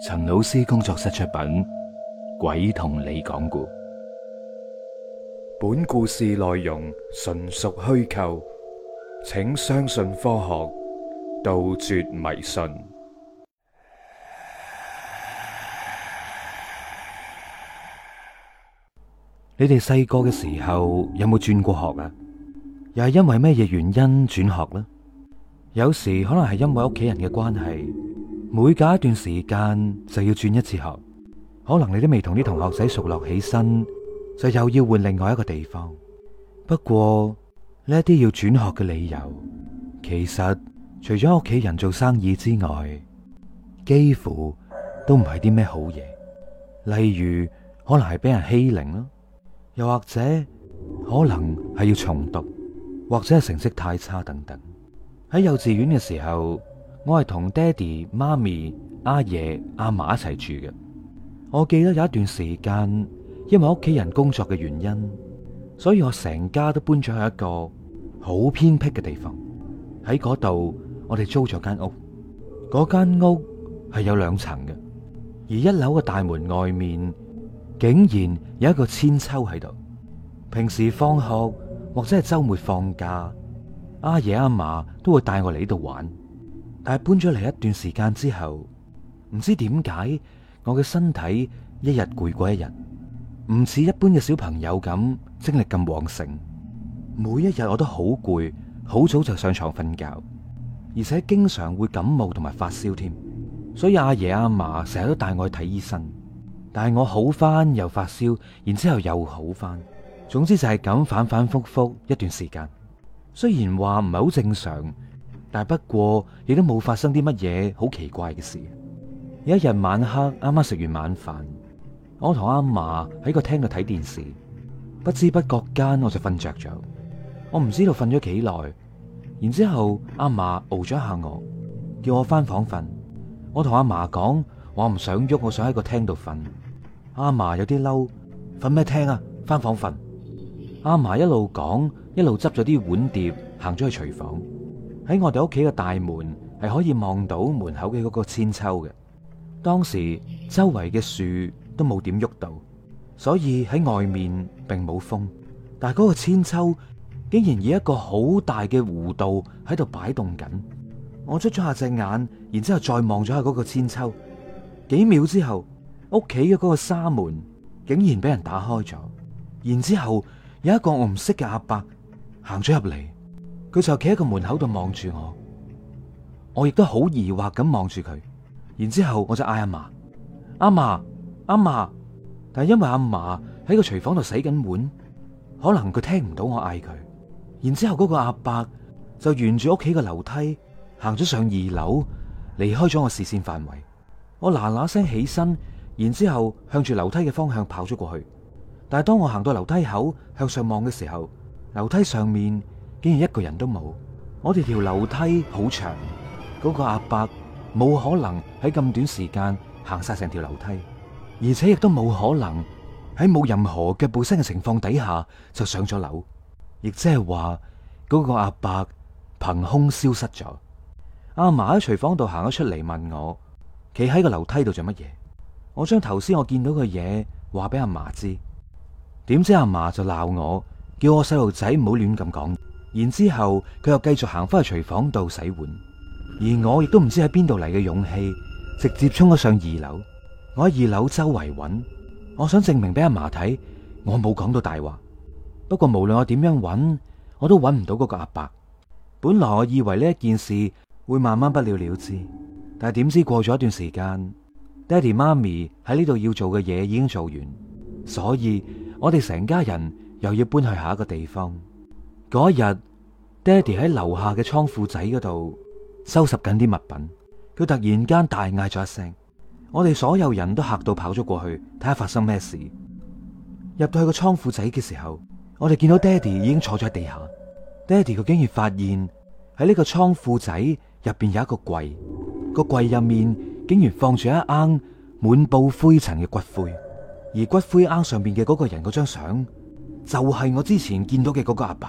陳老師工作室出品《鬼同你講故》，本故事內容純屬虛構，請相信科學，杜絕迷信。你哋細個嘅時候有冇轉過學啊？又係因為咩嘢原因轉學呢？有時可能係因為屋企人嘅關係。每隔一段時間就要轉一次學，可能你都未同啲同學仔熟落起身，就又要換另外一個地方。不過呢一啲要轉學嘅理由，其實除咗屋企人做生意之外，幾乎都唔係啲咩好嘢。例如可能係俾人欺凌咯，又或者可能係要重讀，或者係成績太差等等。喺幼稚園嘅時候。我係同爹哋、媽咪、阿爺、阿嫲一齊住嘅。我記得有一段時間，因為屋企人工作嘅原因，所以我成家都搬咗去一個好偏僻嘅地方。喺嗰度，我哋租咗間屋。嗰間屋係有兩層嘅，而一樓嘅大門外面竟然有一個千秋喺度。平時放學或者係週末放假，阿爺阿嫲都會帶我嚟呢度玩。但係搬咗嚟，一段時間之後，唔知點解我嘅身體一日攰過一日，唔似一般嘅小朋友咁精力咁旺盛。每一日我都好攰，好早就上床瞓覺，而且經常會感冒同埋發燒添。所以阿爺阿嫲成日都帶我去睇醫生，但係我好翻又發燒，然之後又好翻，總之就係咁反反復復一段時間。雖然話唔係好正常。但不過，亦都冇發生啲乜嘢好奇怪嘅事。有一日晚黑，啱啱食完晚飯，我同阿嫲喺個廳度睇電視，不知不覺間我就瞓着咗。我唔知道瞓咗幾耐，然之後阿嫲熬咗一下我，叫我翻房瞓。我同阿嫲講，我唔想喐，我想喺個廳度瞓。阿嫲有啲嬲，瞓咩廳啊？翻房瞓。阿嫲一路講，一路執咗啲碗碟，行咗去廚房。喺我哋屋企嘅大門係可以望到門口嘅嗰個千秋嘅。當時周圍嘅樹都冇點喐到，所以喺外面並冇風。但係嗰個千秋竟然以一個好大嘅弧度喺度擺動緊。我出咗下隻眼，然之後再望咗下嗰個千秋。幾秒之後，屋企嘅嗰個紗門竟然俾人打開咗，然之後有一個我唔識嘅阿伯行咗入嚟。佢就企喺個門口度望住我，我亦都好疑惑咁望住佢。然之後我就嗌阿嫲。阿嫲。阿嫲。但係因為阿嫲喺個廚房度洗緊碗，可能佢聽唔到我嗌佢。然之後嗰個阿伯就沿住屋企個樓梯行咗上二樓，離開咗我視線範圍。我嗱嗱聲起身，然之後向住樓梯嘅方向跑咗過去。但係當我行到樓梯口向上望嘅時候，樓梯上面竟然一個人都冇，我哋條樓梯好長，嗰個阿伯冇可能喺咁短時間行晒成條樓梯，而且亦都冇可能喺冇任何腳步聲嘅情況底下就上咗樓，亦即係話嗰個阿伯憑空消失咗。阿嫲喺廚房度行咗出嚟問我，企喺個樓梯度做乜嘢？我將頭先我見到嘅嘢話俾阿嫲知，點知阿嫲就鬧我，叫我細路仔唔好亂咁講。然之後佢又繼續行翻去廚房度洗碗，而我亦都唔知喺邊度嚟嘅勇氣，直接衝咗上二樓。我喺二樓周圍揾，我想證明俾阿嫲睇，我冇講到大話。不過無論我點樣揾，我都揾唔到嗰個阿伯。本來我以為呢一件事會慢慢不了了之，但係點知過咗一段時間，爹哋媽咪喺呢度要做嘅嘢已經做完，所以我哋成家人又要搬去下一個地方。嗰日。爹哋喺樓下嘅倉庫仔嗰度收拾緊啲物品，佢突然間大嗌咗一聲，我哋所有人都嚇到跑咗過去睇下發生咩事。入到去個倉庫仔嘅時候，我哋見到爹哋已經坐咗喺地下。爹哋佢竟然發現喺呢個倉庫仔入邊有一個櫃，個櫃入面竟然放住一罌滿布灰塵嘅骨灰，而骨灰罌上面嘅嗰個人嗰張相就係、是、我之前見到嘅嗰個阿伯。